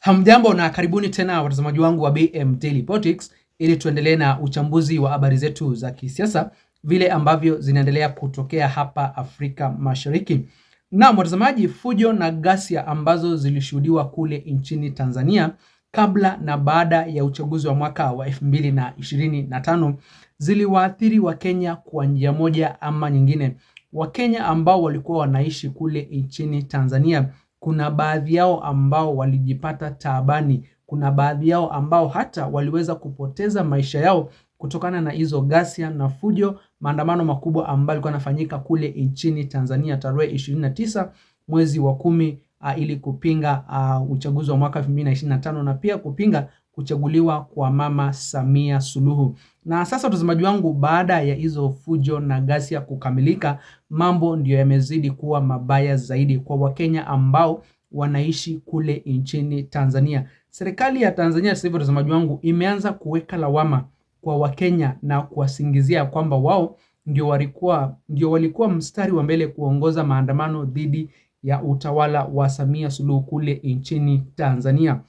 Hamjambo na karibuni tena watazamaji wangu wa BM Daily Politics, ili tuendelee na uchambuzi wa habari zetu za kisiasa vile ambavyo zinaendelea kutokea hapa Afrika Mashariki. Na watazamaji, fujo na ghasia ambazo zilishuhudiwa kule nchini Tanzania kabla na baada ya uchaguzi wa mwaka wa 2025 ziliwaathiri Wakenya kwa njia moja ama nyingine. Wakenya ambao walikuwa wanaishi kule nchini Tanzania kuna baadhi yao ambao walijipata taabani, kuna baadhi yao ambao hata waliweza kupoteza maisha yao kutokana na hizo ghasia na fujo, maandamano makubwa ambayo yalikuwa yanafanyika kule nchini Tanzania tarehe 29 mwezi wa kumi uh, ili kupinga uh, uchaguzi wa mwaka 2025 na pia kupinga kuchaguliwa kwa Mama Samia Suluhu. Na sasa utazamaji wangu, baada ya hizo fujo na ghasia kukamilika, mambo ndiyo yamezidi kuwa mabaya zaidi kwa Wakenya ambao wanaishi kule nchini Tanzania. Serikali ya Tanzania sasa hivi, utazamaji wangu, imeanza kuweka lawama kwa Wakenya na kuwasingizia kwamba wao ndio walikuwa ndio walikuwa mstari wa mbele kuongoza maandamano dhidi ya utawala wa Samia Suluhu kule nchini Tanzania.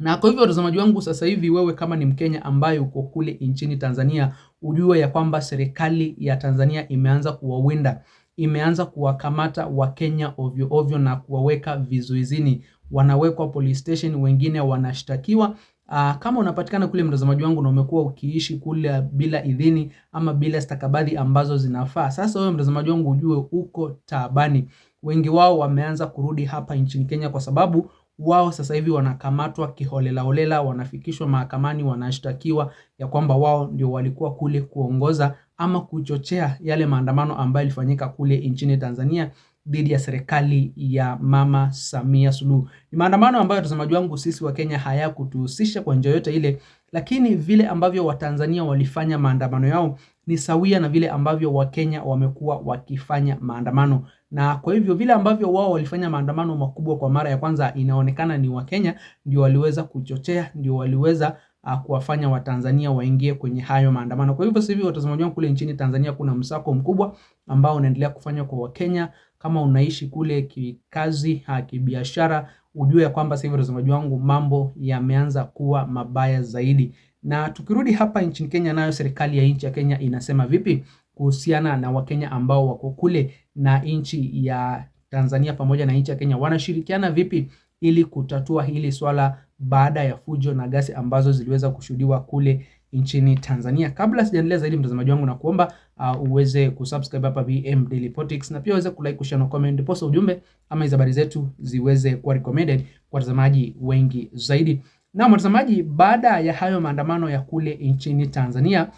Na kwa hivyo watazamaji wangu, sasa hivi wewe kama ni Mkenya ambaye uko kule nchini Tanzania, ujue ya kwamba serikali ya Tanzania imeanza kuwawinda, imeanza kuwakamata Wakenya ovyo ovyo na kuwaweka vizuizini, wanawekwa police station, wengine wanashtakiwa. Aa, ah, kama unapatikana kule mtazamaji wangu na umekuwa ukiishi kule bila idhini ama bila stakabadhi ambazo zinafaa, sasa wewe mtazamaji wangu ujue uko taabani. Wengi wao wameanza kurudi hapa nchini Kenya kwa sababu wao sasa hivi wanakamatwa kiholelaholela, wanafikishwa mahakamani, wanashtakiwa ya kwamba wao ndio walikuwa kule kuongoza ama kuchochea yale maandamano ambayo yalifanyika kule nchini Tanzania dhidi ya serikali ya Mama Samia Suluhu. Ni maandamano ambayo watazamaji wangu sisi wa Kenya hayakutuhusisha kwa njia yoyote ile, lakini vile ambavyo Watanzania walifanya maandamano yao ni sawia na vile ambavyo Wakenya wamekuwa wakifanya maandamano, na kwa hivyo vile ambavyo wao walifanya maandamano makubwa kwa mara ya kwanza, inaonekana ni Wakenya ndio waliweza kuchochea, ndio waliweza ah, kuwafanya Watanzania waingie kwenye hayo maandamano. Kwa hivyo sasa hivi watazamaji wangu, kule nchini Tanzania kuna msako mkubwa ambao unaendelea kufanywa kwa Wakenya. Kama unaishi kule kikazi, ah, kibiashara, ujue ya kwamba sasa hivi watazamaji wangu, mambo yameanza kuwa mabaya zaidi. Na tukirudi hapa nchini Kenya, nayo serikali ya nchi ya Kenya inasema vipi kuhusiana na Wakenya ambao wako kule na nchi ya Tanzania pamoja na nchi ya Kenya wanashirikiana vipi ili kutatua hili swala baada ya fujo na gasi ambazo ziliweza kushuhudiwa kule nchini Tanzania. Kabla sijaendelea zaidi, mtazamaji wangu, kuomba uh, uweze kusubscribe hapa VM Daily Politics, na pia uweze kulike, kushare na comment, ndiposa ujumbe ama habari zetu ziweze kuwa recommended kwa watazamaji wengi zaidi. Na mtazamaji, baada ya hayo maandamano ya kule nchini Tanzania,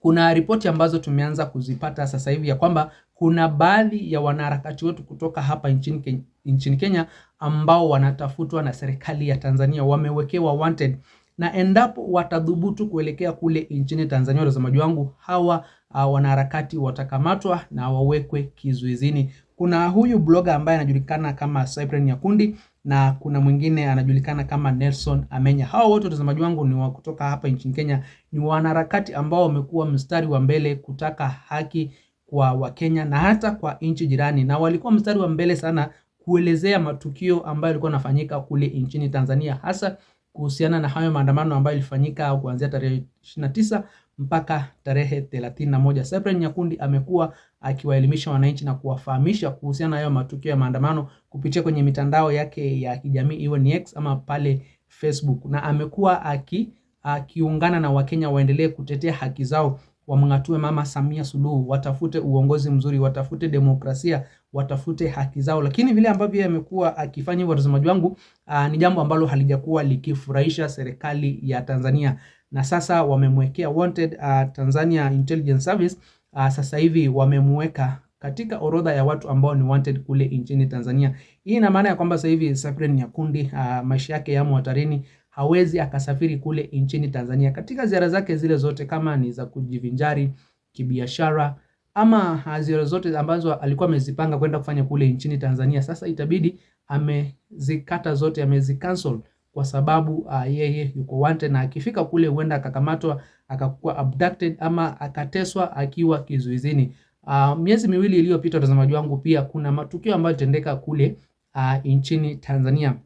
kuna ripoti ambazo tumeanza kuzipata sasa hivi ya kwamba kuna baadhi ya wanaharakati wetu kutoka hapa nchini, nchini Kenya ambao wanatafutwa na serikali ya Tanzania, wamewekewa wanted na endapo watadhubutu kuelekea kule nchini Tanzania, watazamaji wangu, hawa uh, wanaharakati watakamatwa na wawekwe kizuizini. Kuna huyu bloga ambaye anajulikana kama Cyprian Nyakundi na kuna mwingine anajulikana kama Nelson Amenya. Hao wote watazamaji wangu ni wa kutoka hapa nchini Kenya, ni wanaharakati ambao wamekuwa mstari wa mbele kutaka haki kwa Wakenya na hata kwa nchi jirani, na walikuwa mstari wa mbele sana kuelezea matukio ambayo yalikuwa yanafanyika kule nchini Tanzania, hasa kuhusiana na hayo maandamano ambayo ilifanyika kuanzia tarehe 29 mpaka tarehe 31. Cyprian Nyakundi amekuwa akiwaelimisha wananchi na kuwafahamisha kuhusiana na hayo matukio ya maandamano kupitia kwenye mitandao yake ya kijamii iwe ni X ama pale Facebook, na amekuwa aki akiungana na Wakenya waendelee kutetea haki zao, wamngatue Mama Samia Suluhu, watafute uongozi mzuri, watafute demokrasia, watafute haki zao, lakini vile ambavyo amekuwa akifanya hivyo, watazamaji wangu, ah, ni jambo ambalo halijakuwa likifurahisha serikali ya Tanzania, na sasa wamemwekea wanted ah, Tanzania Intelligence Service. Ah, sasa hivi wamemweka katika orodha ya watu ambao ni wanted kule nchini Tanzania. Hii ina maana ya kwamba sasa hivi Cyprian Nyakundi maisha yake yamo hatarini, hawezi akasafiri kule nchini Tanzania katika ziara zake zile zote, kama ni za kujivinjari kibiashara ama ah, ziara zote ambazo alikuwa amezipanga kwenda kufanya kule nchini Tanzania, sasa itabidi amezikata zote, amezicancel kwa sababu uh, yeye yuko wanted na akifika kule huenda akakamatwa akakuwa abducted ama akateswa akiwa kizuizini. Uh, miezi miwili iliyopita, watazamaji wangu, pia kuna matukio ambayo yalitendeka kule uh, nchini Tanzania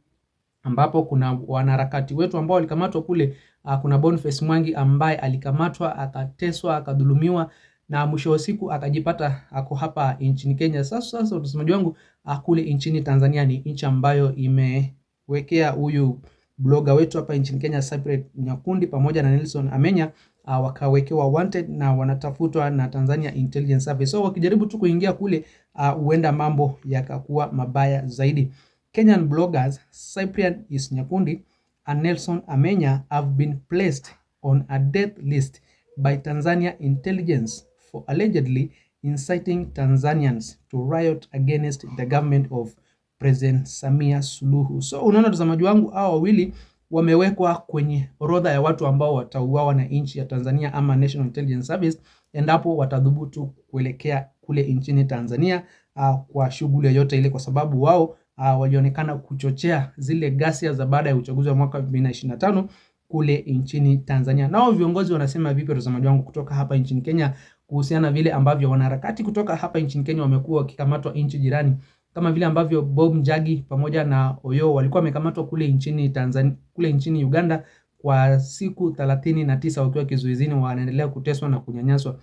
ambapo kuna wanaharakati wetu ambao walikamatwa kule. Uh, kuna Boniface Mwangi ambaye alikamatwa akateswa akadhulumiwa na mwisho wa siku akajipata ako hapa nchini Kenya. Sasa sasa utasemaji wangu ah, kule nchini Tanzania ni nchi ambayo imewekea huyu bloga wetu hapa nchini Kenya Cypriet Nyakundi pamoja na Nelson Amenya uh, wakawekewa wanted na wanatafutwa na Tanzania Intelligence Service. So wakijaribu tu kuingia kule ah, huenda uh, mambo yakakuwa mabaya zaidi. Kenyan bloggers Cyprian is Nyakundi and Nelson Amenya have been placed on a death list by Tanzania Intelligence for allegedly inciting Tanzanians to riot against the government of President Samia Suluhu. So unaona mtazamaji wangu, hao wawili wamewekwa kwenye orodha ya watu ambao watauawa na nchi ya Tanzania ama National Intelligence Service endapo watadhubutu kuelekea kule nchini Tanzania uh, kwa shughuli yoyote ile, kwa sababu wao uh, walionekana kuchochea zile ghasia za baada ya uchaguzi wa mwaka 2025 kule nchini Tanzania. Nao viongozi wanasema vipi, watazamaji wangu, kutoka hapa nchini Kenya? kuhusiana vile ambavyo wanaharakati kutoka hapa nchini Kenya wamekuwa wakikamatwa nchi jirani kama vile ambavyo Bob Njagi pamoja na Oyo walikuwa wamekamatwa kule nchini Tanzania, kule nchini Uganda kwa siku 39 wakiwa kizuizini, wanaendelea kuteswa na kunyanyaswa.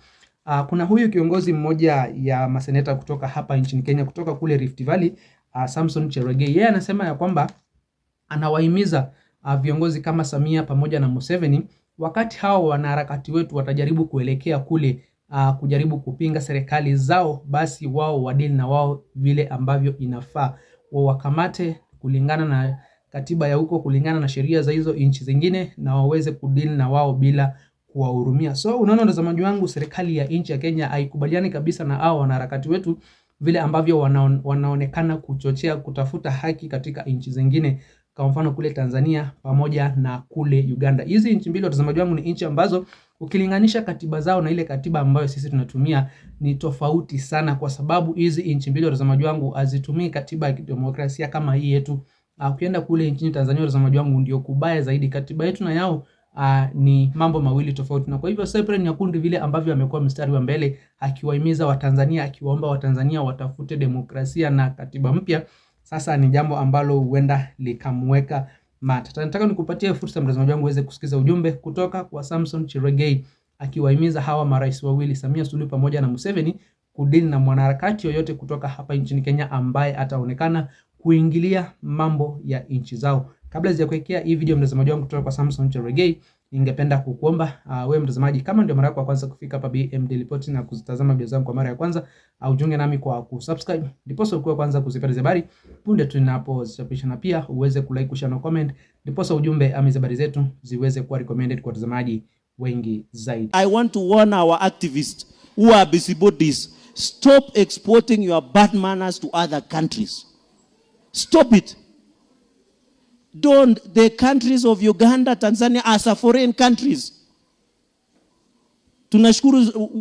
Uh, kuna huyu kiongozi mmoja ya maseneta kutoka hapa nchini Kenya kutoka kule Rift Valley, uh, Samson Cherogei yeye, yeah, anasema ya kwamba anawahimiza uh, viongozi kama Samia pamoja na Museveni, wakati hao wanaharakati wetu watajaribu kuelekea kule uh, kujaribu kupinga serikali zao, basi wao wadili na wao vile ambavyo inafaa, wao wakamate kulingana na katiba ya huko, kulingana na sheria za hizo nchi zingine, na waweze kudili na wao bila kuwahurumia. So unaona, watazamaji wangu, serikali ya nchi ya Kenya haikubaliani kabisa na hao wanaharakati wetu vile ambavyo wanaon, wanaonekana kuchochea kutafuta haki katika nchi zingine, kwa mfano kule Tanzania pamoja na kule Uganda. Hizi nchi mbili watazamaji wangu, ni nchi ambazo Ukilinganisha katiba zao na ile katiba ambayo sisi tunatumia ni tofauti sana, kwa sababu hizi nchi mbili, watazamaji wangu, hazitumii katiba ya kidemokrasia kama hii yetu. Ah, ukienda kule nchini Tanzania, watazamaji wangu, ndio kubaya zaidi. Katiba yetu na yao Uh, ni mambo mawili tofauti, na kwa hivyo Cyprian Nyakundi vile ambavyo amekuwa mstari wa mbele akiwahimiza Watanzania, akiwaomba Watanzania watafute demokrasia na katiba mpya, sasa ni jambo ambalo huenda likamweka Mata. Nataka nikupatie fursa mtazamaji wangu uweze kusikiza ujumbe kutoka kwa Samson Cherogei akiwahimiza hawa marais wawili Samia Suluhu pamoja na Museveni kudili na mwanaharakati yoyote kutoka hapa nchini Kenya ambaye ataonekana kuingilia mambo ya nchi zao. Kabla sijakuwekea hii video mtazamaji wangu kutoka kwa Samson Cherogei ningependa kukuomba uh, wewe mtazamaji, kama ndio mara yako ya kwanza kufika hapa BM Daily Report na kuzitazama video zangu kwa mara ya kwanza, au ah, uh, nami kwa kusubscribe, ndipo ndiposa ukuwe kwanza kuzipata habari punde tu tunapozichapisha, na pia uweze kulike, kushare na comment, ndipo ndiposa ujumbe ama habari zetu ziweze kuwa recommended kwa watazamaji wengi zaidi. I want to warn our activists who are busybodies, stop exporting your bad manners to other countries. Stop it. Don't the countries of Uganda, Tanzania as a foreign countries. Tunashukuru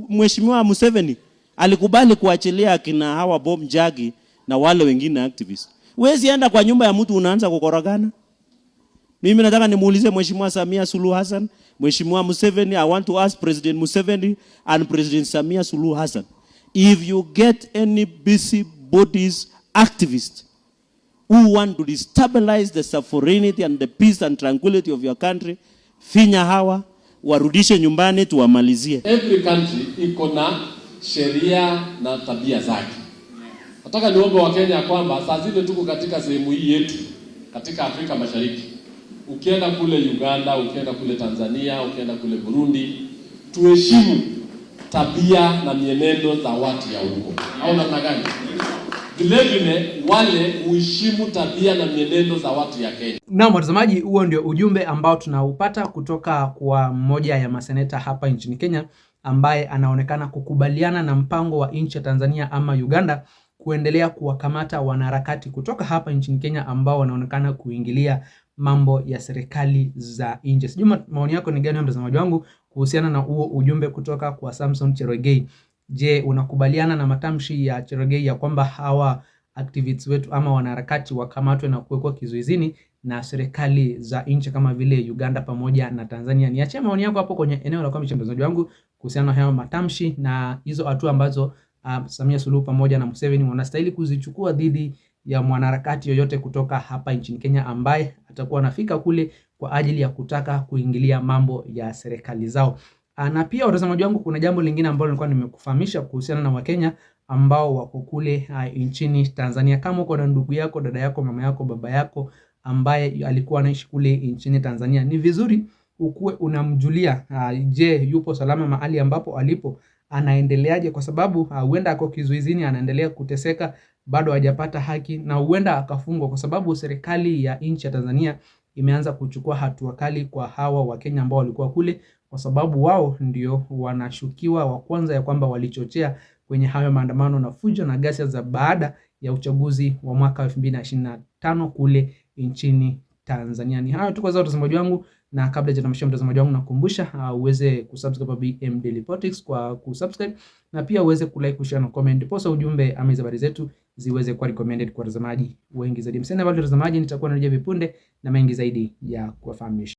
Mheshimiwa Museveni alikubali kuachilia akina hawa Bob Njagi na wale wengine activists. Wezi enda kwa nyumba ya mtu unaanza kukoragana Mimi nataka nimuulize Mheshimiwa Samia Suluhu Hassan, Mheshimiwa Museveni, I want to ask President Museveni and President Samia Suluhu Hassan if you get any busy bodies activists who want to destabilize the sovereignty and the peace and tranquility of your country. Finya hawa warudishe nyumbani, tuwamalizie. Every country iko na sheria na tabia zake. Nataka niombe Kenya kwamba saa zile tuko katika sehemu hii yetu katika Afrika Mashariki, ukienda kule Uganda, ukienda kule Tanzania, ukienda kule Burundi, tuheshimu tabia na mienendo za watu ya huko, au namna gani? vile vile wale huheshimu tabia na mienendo za watu ya Kenya. Naam, watazamaji, huo ndio ujumbe ambao tunaupata kutoka kwa mmoja ya maseneta hapa nchini Kenya ambaye anaonekana kukubaliana na mpango wa nchi ya Tanzania ama Uganda kuendelea kuwakamata wanaharakati kutoka hapa nchini Kenya ambao wanaonekana kuingilia mambo ya serikali za nje. Sijui maoni yako ni gani mtazamaji wangu kuhusiana na huo ujumbe kutoka kwa Samson Cherogei Je, unakubaliana na matamshi ya Cherogei ya kwamba hawa activists wetu ama wanaharakati wakamatwe na kuwekwa kizuizini na serikali za nchi kama vile Uganda pamoja na Tanzania? Niachie maoni yako hapo kwenye eneo la comment, mtazamaji wangu, kuhusiana na hayo matamshi na hizo hatua ambazo uh, Samia Suluhu pamoja na Museveni wanastahili kuzichukua dhidi ya mwanaharakati yoyote kutoka hapa nchini Kenya ambaye atakuwa anafika kule kwa ajili ya kutaka kuingilia mambo ya serikali zao. Ah, na pia watazamaji wangu, kuna jambo lingine ambalo nilikuwa nimekufahamisha kuhusiana na Wakenya ambao wako kule ah, nchini Tanzania. Kama uko na ndugu yako, dada yako, mama yako, baba yako ambaye alikuwa anaishi kule nchini Tanzania, ni vizuri ukuwe unamjulia ah, je, yupo salama mahali ambapo alipo, anaendeleaje? Kwa sababu huenda ako kizuizini, anaendelea kuteseka, bado hajapata haki na huenda akafungwa, kwa sababu serikali ya nchi ya Tanzania imeanza kuchukua hatua kali kwa hawa Wakenya ambao walikuwa kule kwa sababu wao ndio wanashukiwa wa kwanza ya kwamba walichochea kwenye hayo maandamano na fujo na ghasia za baada ya uchaguzi wa mwaka 2025 kule nchini Tanzania. Ni hayo tu kwa sasa mtazamaji wangu, na kabla hajatamshia mtazamaji wangu, nakukumbusha ah, uweze uh, kusubscribe kwa BM Daily Politics kwa kusubscribe na pia uweze kulike, kushare na comment, posa ujumbe ama habari zetu ziweze kuwa recommended kwa watazamaji wengi zaidi. Msende bado watazamaji, nitakuwa narejea vipunde na mengi zaidi ya kuwafahamisha.